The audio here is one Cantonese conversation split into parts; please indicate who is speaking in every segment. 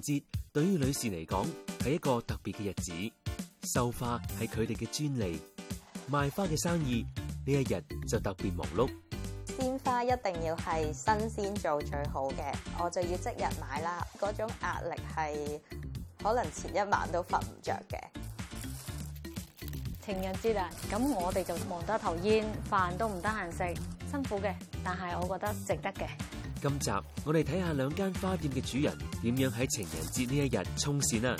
Speaker 1: 節對於女士嚟講係一個特別嘅日子，收花係佢哋嘅專利，賣花嘅生意呢一日就特別忙碌。
Speaker 2: 鮮花一定要係新鮮做最好嘅，我就要即日買啦。嗰種壓力係可能前一晚都瞓唔着嘅。情人節啊，咁我哋就
Speaker 3: 忙得一頭煙，飯都唔得閒食，辛苦嘅，但係我覺得值得嘅。
Speaker 1: 今集我哋睇下兩間花店嘅主人點樣喺情人節呢一日衝線啊！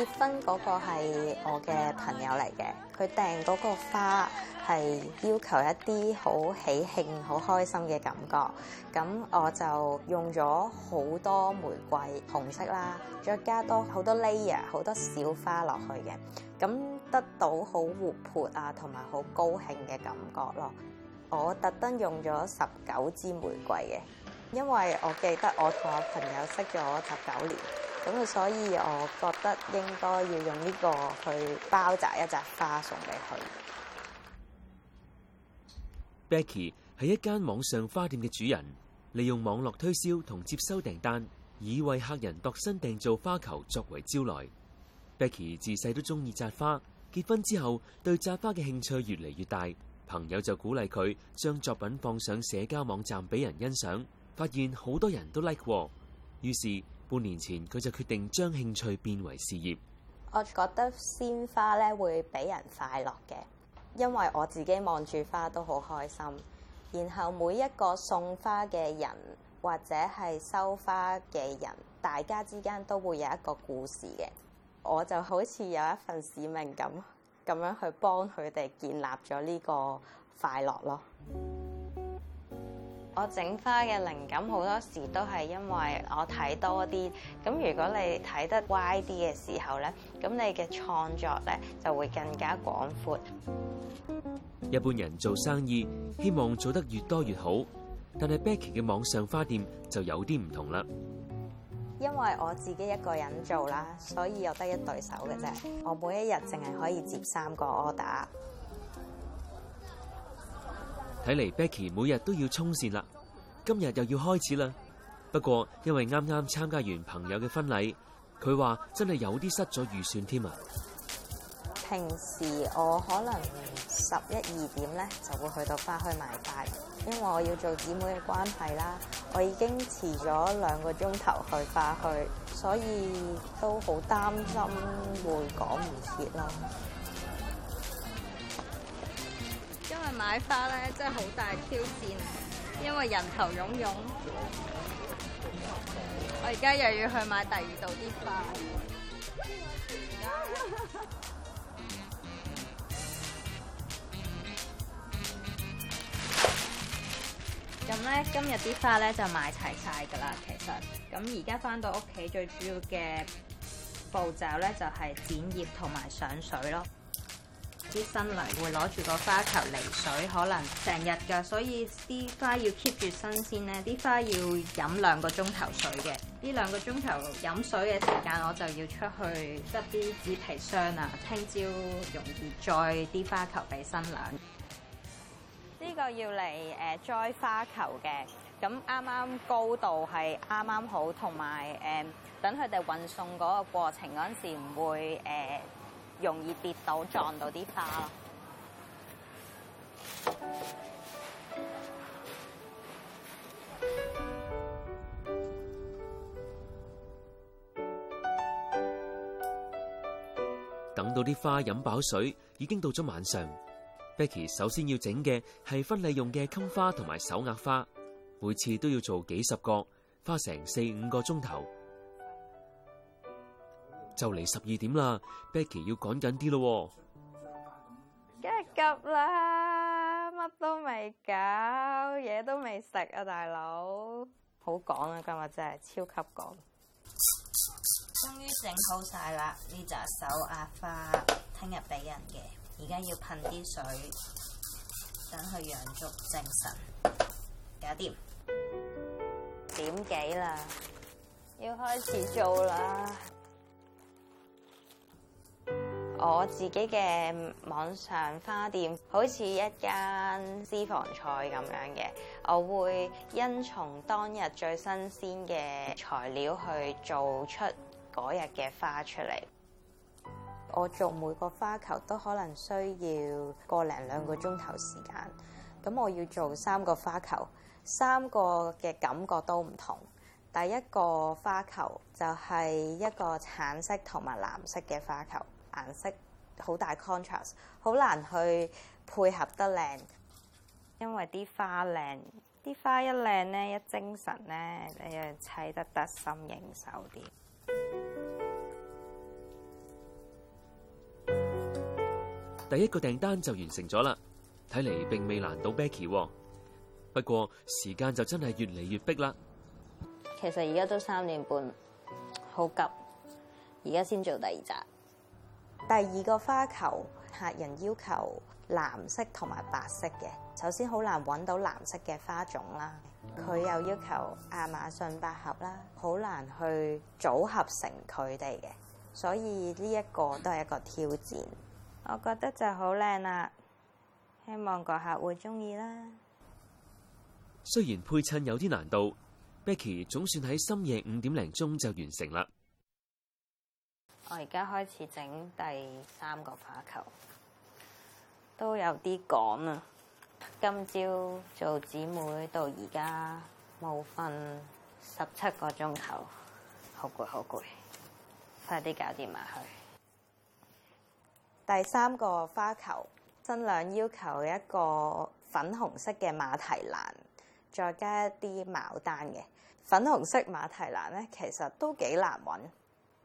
Speaker 2: 結婚嗰個係我嘅朋友嚟嘅，佢訂嗰個花係要求一啲好喜慶、好開心嘅感覺，咁我就用咗好多玫瑰紅色啦，再加多好多 layer 好多小花落去嘅，咁得到好活潑啊同埋好高興嘅感覺咯。我特登用咗十九支玫瑰嘅，因為我記得我同我朋友識咗十九年。咁所以我覺得應該要用呢個去包紮一紮花送俾佢。
Speaker 1: Becky 係一間網上花店嘅主人，利用網絡推銷同接收訂單，以為客人度身訂做花球作為招來。Becky 自細都中意紮花，結婚之後對紮花嘅興趣越嚟越大，朋友就鼓勵佢將作品放上社交網站俾人欣賞，發現好多人都 like 過，於是，半年前，佢就決定將興趣變為事業。
Speaker 2: 我覺得鮮花咧會俾人快樂嘅，因為我自己望住花都好開心。然後每一個送花嘅人或者係收花嘅人，大家之間都會有一個故事嘅。我就好似有一份使命咁，咁樣去幫佢哋建立咗呢個快樂咯。我整花嘅靈感好多時都係因為我睇多啲，咁如果你睇得歪啲嘅時候咧，咁你嘅創作咧就會更加廣闊。
Speaker 1: 一般人做生意希望做得越多越好，但係 Becky 嘅網上花店就有啲唔同啦。
Speaker 2: 因為我自己一個人做啦，所以我有得一對手嘅啫，我每一日淨係可以接三個 order。
Speaker 1: 睇嚟，Becky 每日都要衝線啦，今日又要開始啦。不過因為啱啱參加完朋友嘅婚禮，佢話真係有啲失咗預算添啊。
Speaker 2: 平時我可能十一二點咧就會去到花墟買帶，因為我要做姊妹嘅關係啦。我已經遲咗兩個鐘頭去花墟，所以都好擔心會講唔切啦。買花咧真係好大挑戰，因為人頭湧湧。我而家又要去買第二度啲花。咁 咧，今日啲花咧就買齊晒㗎啦。其實，咁而家翻到屋企最主要嘅步驟咧，就係剪葉同埋上水咯。啲新娘會攞住個花球嚟水，可能成日㗎，所以啲花要 keep 住新鮮咧。啲花要飲兩個鐘頭水嘅，呢兩個鐘頭飲水嘅時間，我就要出去執啲紙皮箱啊。聽朝容易載啲花球俾新娘。呢、這個要嚟誒、呃、栽花球嘅，咁啱啱高度係啱啱好，同埋誒等佢哋運送嗰個過程嗰陣時唔會誒。呃容易跌倒撞到啲花。
Speaker 1: 等到啲花飲飽水，已經到咗晚上。 Becky 首先要整嘅係婚禮用嘅襟花同埋手握花，每次都要做幾十個，花成四五個鐘頭。就嚟十二點啦，Becky 要趕緊啲咯，梗
Speaker 2: 係急啦，乜都未搞，嘢都未食啊，大佬，好講啊，今日真係超級講，終於整好晒啦，呢紮手壓花聽日俾人嘅，而家要噴啲水，等佢養足精神，搞掂，點幾啦，要開始做啦。我自己嘅網上花店好似一間私房菜咁樣嘅，我會因從當日最新鮮嘅材料去做出嗰日嘅花出嚟。我做每個花球都可能需要個零兩個鐘頭時間，咁我要做三個花球，三個嘅感覺都唔同。第一個花球就係一個橙色同埋藍色嘅花球。顏色好大 contrast，好難去配合得靚。因為啲花靚，啲花一靚咧，一精神咧，你又砌得得心應手啲。
Speaker 1: 第一個訂單就完成咗啦，睇嚟並未難到 Becky，不過時間就真係越嚟越迫啦。
Speaker 2: 其實而家都三點半，好急。而家先做第二集。第二個花球，客人要求藍色同埋白色嘅，首先好難揾到藍色嘅花種啦，佢又要求亞馬遜百合啦，好難去組合成佢哋嘅，所以呢一個都係一個挑戰。我覺得就好靚啦，希望個客會中意啦。
Speaker 1: 雖然配襯有啲難度，Becky 總算喺深夜五點零鐘就完成啦。
Speaker 2: 我而家開始整第三個花球，都有啲趕啊！今朝做姊妹到而家冇瞓十七個鐘頭，好攰好攰，快啲搞掂埋去第三個花球，新娘要求一個粉紅色嘅馬蹄蘭，再加一啲牡丹嘅粉紅色馬蹄蘭咧，其實都幾難揾。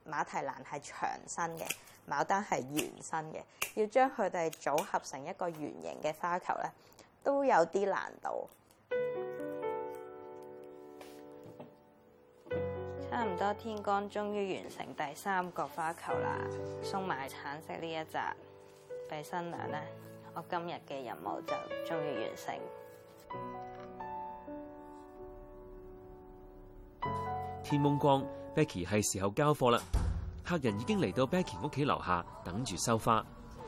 Speaker 2: 馬蹄蘭係長身嘅，牡丹係圓身嘅，要將佢哋組合成一個圓形嘅花球咧，都有啲難度。差唔多天光，終於完成第三個花球啦，送埋橙色呢一紮俾新娘咧。我今日嘅任務就終於完成。
Speaker 1: 天矇光。Becky 係時候交貨啦，客人已經嚟到 Becky 屋企樓下等住收花。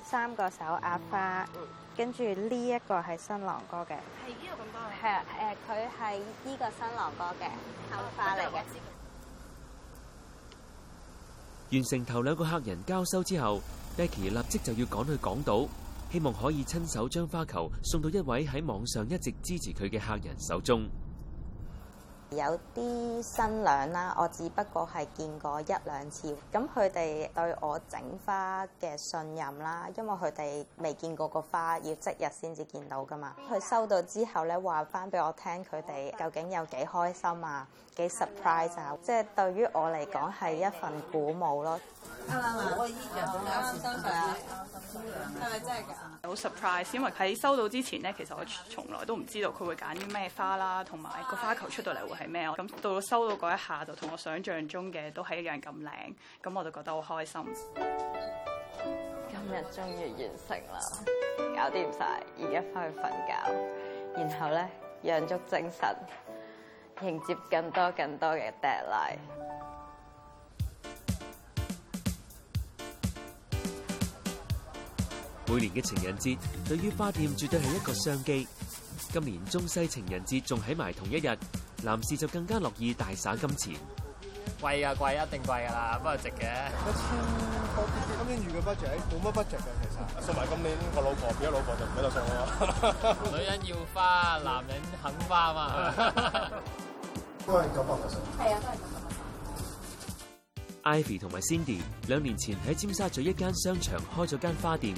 Speaker 2: 三個手壓花，跟住呢一個係新郎哥嘅。係呢個咁多？係啊，誒，佢係呢個新郎哥嘅頭花嚟嘅。
Speaker 1: 完成頭兩個客人交收之後，Becky 立即就要趕去港島，希望可以親手將花球送到一位喺網上一直支持佢嘅客人手中。
Speaker 2: 有啲新娘啦，我只不過係見過一兩次，咁佢哋對我整花嘅信任啦，因為佢哋未見過個花，要即日先至見到噶嘛。佢收到之後咧，話翻俾我聽，佢哋究竟有幾開心啊，幾 surprise 啊，即係對於我嚟講係一份鼓舞咯。啱啦，yes, so really no sure，我嘅衣架，啱收晒，係咪真係噶？好 surprise，因為喺收到之前咧，其實我從來都唔知道佢會揀啲咩花啦，同埋個花球出到嚟會係咩。咁到收到嗰一下，就同我想象中嘅都係一樣咁靚。咁我就覺得好開心。今日終於完成啦，搞掂晒，而家翻去瞓覺，然後咧養足精神，迎接更多更多嘅 deadline。
Speaker 1: 每年嘅情人節，對於花店絕對係一個商機。今年中西情人節仲喺埋同一日，男士就更加樂意大灑金錢。
Speaker 3: 貴啊貴啊，一定貴噶、啊、啦，不過值嘅。一、啊、千多，
Speaker 1: 今年預嘅 budget 冇乜 budget 嘅其實。送埋今年個老婆俾個老婆就唔喺度送 女人要花，男人肯花嘛。 都係九
Speaker 2: 百六十。係啊，都係
Speaker 1: 九百六十。Ivy 同埋 Cindy 兩年前喺尖沙咀一間商場開咗間花店。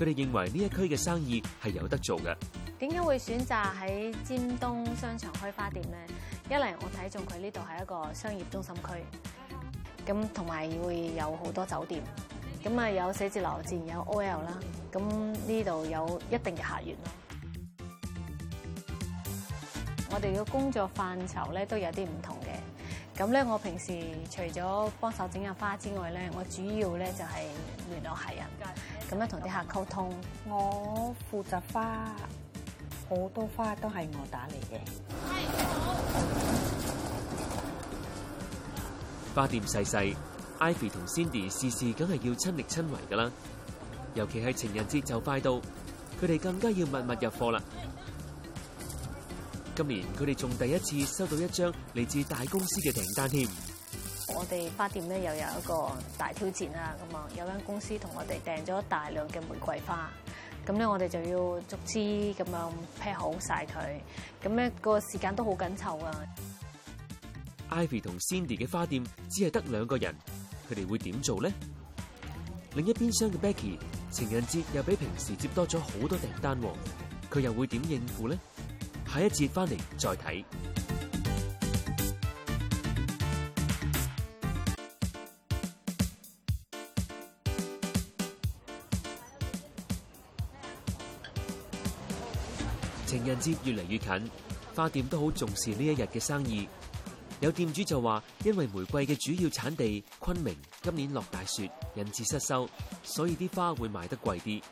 Speaker 1: 佢哋認為呢一區嘅生意係有得做嘅。
Speaker 3: 點解會選擇喺尖東商場開花店咧？一嚟我睇中佢呢度係一個商業中心區，咁同埋會有好多酒店，咁啊有寫字樓自然有 OL 啦。咁呢度有一定嘅客源咯。我哋嘅工作範疇咧都有啲唔同。咁咧，我平時除咗幫手整下花之外咧，我主要咧就係聯絡客人，咁樣同啲客溝通。我負責花，好多花都係我打嚟嘅。
Speaker 1: 花店細細，Ivy 同 Cindy 事事梗係要親力親為㗎啦，尤其係情人節就快到，佢哋更加要密密入貨啦。今年佢哋仲第一次收到一張嚟自大公司嘅訂單添。
Speaker 3: 我哋花店咧又有一個大挑戰啊，咁啊有間公司同我哋訂咗大量嘅玫瑰花，咁咧我哋就要逐支咁樣 pack 好晒佢，咁咧個時間都好緊湊
Speaker 1: 啊。Ivy 同 Cindy 嘅花店只係得兩個人，佢哋會點做咧？另一邊廂嘅 Becky，情人節又比平時接多咗好多訂單，佢又會點應付咧？下一節翻嚟再睇。情人節越嚟越近，花店都好重視呢一日嘅生意。有店主就話，因為玫瑰嘅主要產地昆明今年落大雪，引致失收，所以啲花會賣得貴啲。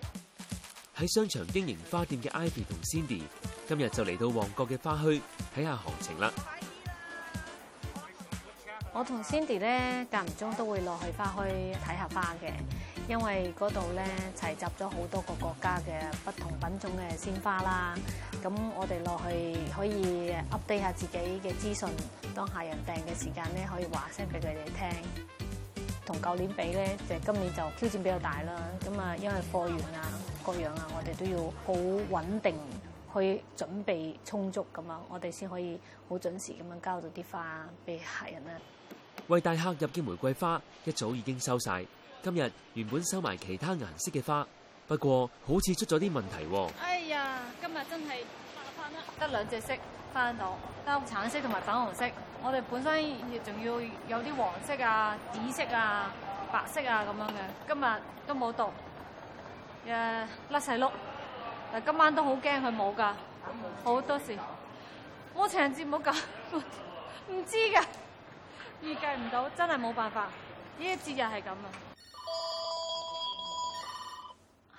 Speaker 1: 喺商場經營花店嘅 Ivy 同 Cindy 今日就嚟到旺角嘅花墟睇下行情啦。
Speaker 3: 我同 Cindy 咧間唔中都會落去花墟睇下花嘅，因為嗰度咧齊集咗好多個國家嘅不同品種嘅鮮花啦。咁我哋落去可以 update 下自己嘅資訊，當客人訂嘅時間咧可以話聲俾佢哋聽。同舊年比咧，就今年就挑戰比較大啦。咁啊，因為貨源啊、各樣啊，我哋都要好穩定。去準備充足咁樣，我哋先可以好準時咁樣交到啲花俾客人啊。
Speaker 1: 為大客入嘅玫瑰花，一早已經收晒。今日原本收埋其他顏色嘅花，不過好似出咗啲問題。
Speaker 3: 哎呀，今日真係啦，得兩隻色翻到，得橙色同埋粉紅色。我哋本身亦仲要有啲黃色啊、紫色啊、白色啊咁樣嘅，今日都冇到，誒甩晒碌。但今晚都好驚，佢冇㗎好多時、嗯，我情人節唔好搞，唔知㗎。預計唔到，真係冇辦法，呢一節日係咁啊！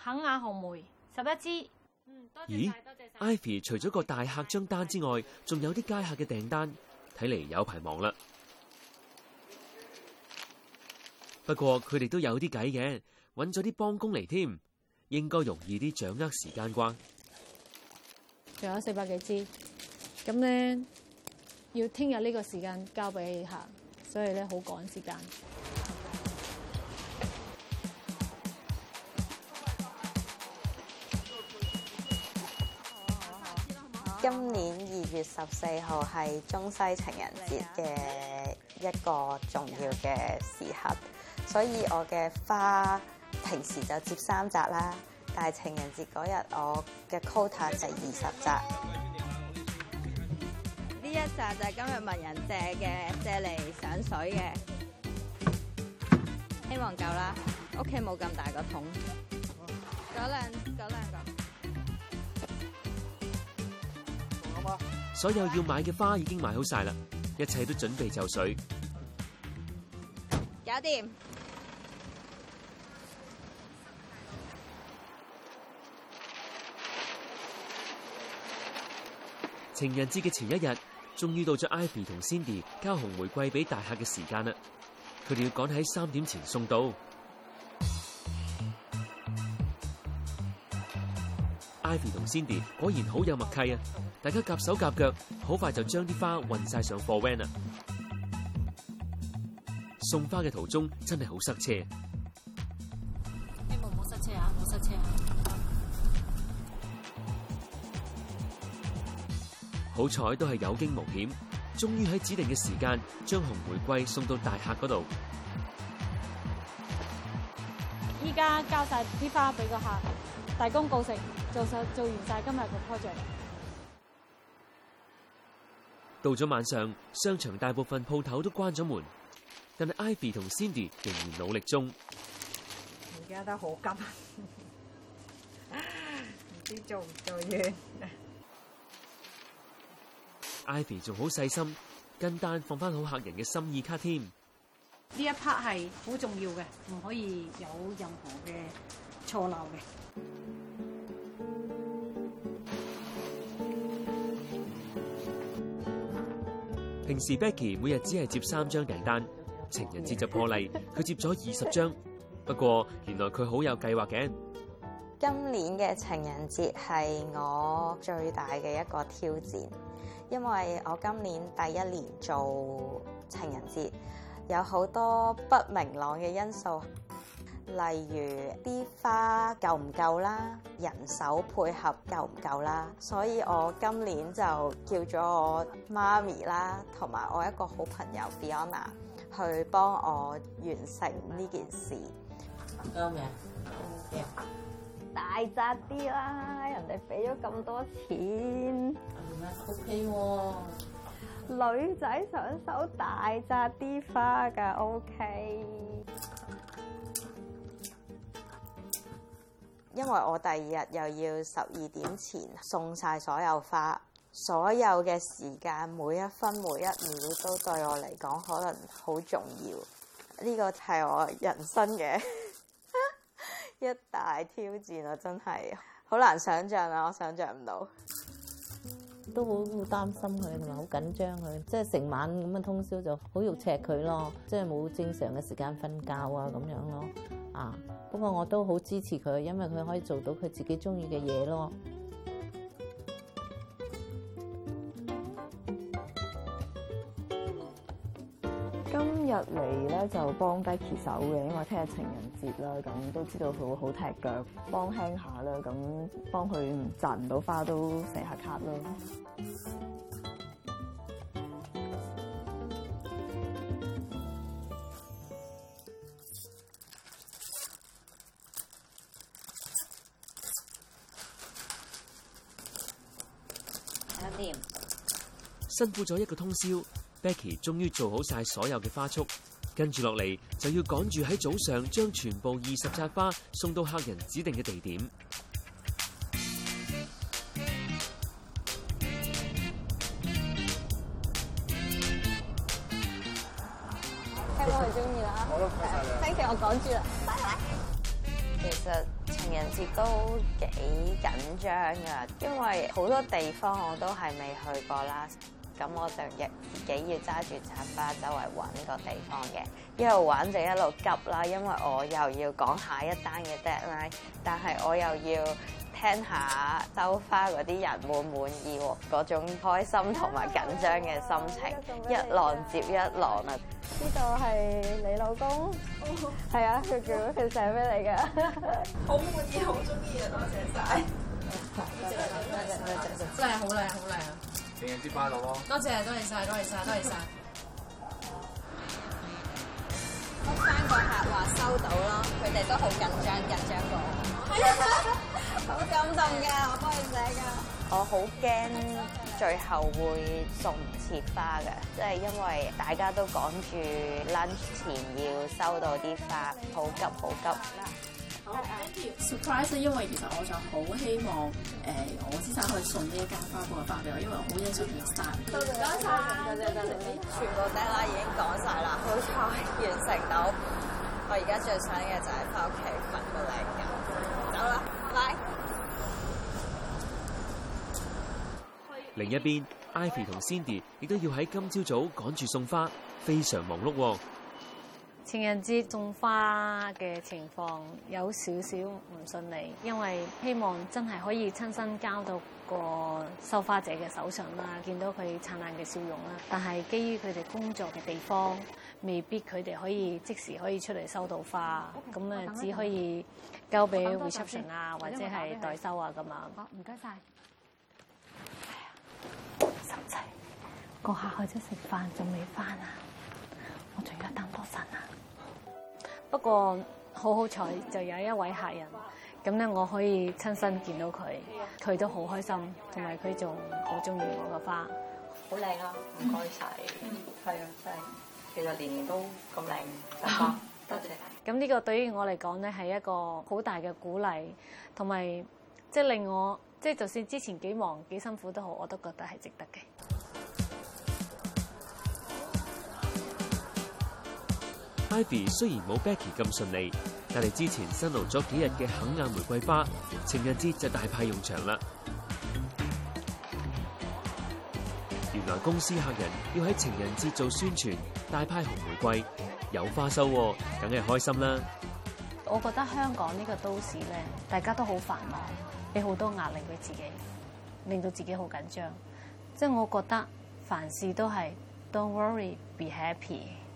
Speaker 3: 肯亞紅梅十一支。嗯、多
Speaker 1: 謝，咦？Ivy 除咗個大客張單之外，仲有啲街客嘅訂單，睇嚟有排忙啦。不過佢哋都有啲計嘅，搵咗啲幫工嚟添。應該容易啲掌握時間關，
Speaker 3: 仲有四百幾支，咁咧要聽日呢個時間交俾客，所以咧好趕時間。
Speaker 2: 今年二月十四號係中西情人節嘅一個重要嘅時刻，所以我嘅花。平時就接三扎啦，但係情人節嗰日我嘅 quota 就二十扎。呢一扎就係今日問人借嘅，借嚟上水嘅，希望夠啦。屋企冇咁大個桶，九兩九兩咁。
Speaker 1: 仲有嗎？所有要買嘅花已經買好晒啦，一切都準備就緒，
Speaker 2: 搞掂。
Speaker 1: 情人節嘅前一日，終於到咗 Ivy 同 Cindy 交紅玫瑰俾大客嘅時間啦。佢哋要趕喺三點前送到。 Ivy 同 Cindy 果然好有默契啊！大家夾手夾腳，好快就將啲花運晒上貨 van 啦。送花嘅途中真係好塞車。好彩都係有驚無險，終於喺指定嘅時間將紅玫瑰送到大客嗰度。
Speaker 3: 依家交晒啲花俾個客，大功告成，做晒做完晒今日嘅 project。
Speaker 1: 到咗晚上，商場大部分鋪頭都關咗門，但係 Ivy 同 Cindy 仍然努力中。
Speaker 3: 而家都好急，唔知做唔做嘢。
Speaker 1: Ivy 仲好細心，跟單放翻好客人嘅心意卡添。
Speaker 3: 呢一 part 係好重要嘅，唔可以有任何嘅錯漏嘅。
Speaker 1: 平時 Becky 每日只係接三張訂單，情人節就破例，佢 接咗二十張。不過原來佢好有計劃嘅。
Speaker 2: 今年嘅情人節係我最大嘅一個挑戰。因為我今年第一年做情人節，有好多不明朗嘅因素，例如啲花夠唔夠啦，人手配合夠唔夠啦，所以我今年就叫咗我媽咪啦，同埋我一個好朋友 Biona 去幫我完成呢件事。嗯嗯大紮啲啦，人哋俾咗咁多錢，OK、嗯嗯、女仔想收大紮啲花噶，OK。因為我第二日又要十二點前送晒所有花，所有嘅時間每一分每一秒都對我嚟講可能好重要。呢個係我人生嘅。 一大挑戰啊！真係好難想像啊！我想像唔到，
Speaker 3: 都好擔心佢同埋好緊張佢，即係成晚咁嘅通宵就好肉赤佢咯，即係冇正常嘅時間瞓覺啊咁樣咯。啊！不過我都好支持佢，因為佢可以做到佢自己中意嘅嘢咯。
Speaker 2: 今日嚟呢就幫 d e 手嘅，因為聽日情人節啦，咁都知道佢會好踢腳，幫他輕下啦，咁幫佢賺唔到花都成下卡咯。
Speaker 1: 辛苦咗一個通宵。Becky 終於做好晒所有嘅花束，跟住落嚟就要趕住喺早上將全部二十紮花送到客人指定嘅地點。
Speaker 2: 聽講你中意啦，好都睇曬啦。Becky，我趕住啦，拜拜。其實情人節都幾緊張㗎，因為好多地方我都係未去過啦。咁我就日自己要揸住插花周圍揾個地方嘅，一路玩就一路急啦，因為我又要講下一單嘅 deadline，但係我又要聽一下收花嗰啲人滿唔滿意喎，嗰種開心同埋緊張嘅心情、啊啊，一浪接一浪啊！呢個係你老公，係、哦、啊，佢叫佢寫俾你嘅，好、啊哦嗯、 滿意，好中意啊！多謝晒，多謝！多謝！多謝！真係好靚，好靚。成人接花落咯，多謝多謝晒，多謝晒，多謝晒。嗰 三個客話收到咯，佢哋都好緊張緊張過我， 好感動嘅，我幫你寫嘅。 我好驚最後會送唔切花嘅，即係因為大家都趕住 lunch 前要收到啲花，好急好急。好急好急。
Speaker 3: thank you surprise，因
Speaker 2: 為其實我就好希望，誒，我先生去送呢一間花鋪嘅花俾我，因為我好欣賞佢嘅花。多謝多謝，全部的啦已經講晒啦，好彩完成到。我而家最想嘅就係翻屋企瞓個靚覺。走啦，拜拜。
Speaker 1: 另一邊，Ivy 同 Cindy 亦都要喺今朝早趕住送花，非常忙碌。
Speaker 3: 情人節種花嘅情況有少少唔順利，因為希望真係可以親身交到個收花者嘅手上啦，見到佢燦爛嘅笑容啦。但係基於佢哋工作嘅地方，未必佢哋可以即時可以出嚟收到花，咁、okay，啊等等只可以交俾 reception 啊，或者係代收啊咁啊。好，唔該晒。哎呀，心煩，過客去咗食飯仲未返啊，我仲要等多陣啊！不過好好彩就有一位客人咁咧，我可以親身見到佢，佢都好開心，同埋佢仲好中意我個花，好靚啊，唔該晒！係啊，真係、嗯、其實年年都
Speaker 2: 咁靚，多 謝，謝你。
Speaker 3: 咁呢個對於我嚟講咧，係一個好大嘅鼓勵，同埋即係令我即係、即係、就算之前幾忙幾辛苦都好，我都覺得係值得嘅。
Speaker 1: Ivy 雖然冇 Becky 咁順利，但係之前辛勞咗幾日嘅肯亞玫瑰花，情人節就大派用場啦。原來公司客人要喺情人節做宣傳，大派紅玫瑰有花收，啊，梗係開心啦。
Speaker 3: 我覺得香港呢個都市咧，大家都好繁忙，俾好多壓力俾自己，令到自己好緊張。即係我覺得凡事都係，Don't worry, be happy。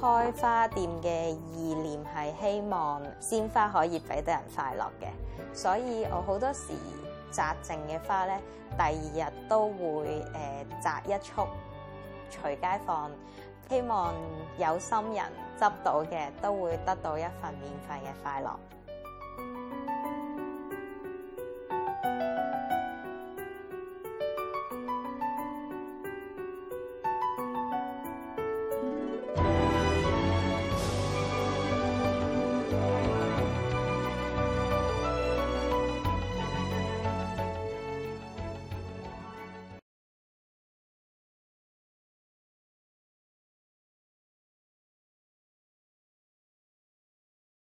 Speaker 2: 開花店嘅意念係希望鮮花可以俾得人快樂嘅，所以我好多時摘剩嘅花咧，第二日都會誒摘一束隨街放，希望有心人執到嘅都會得到一份免費嘅快樂。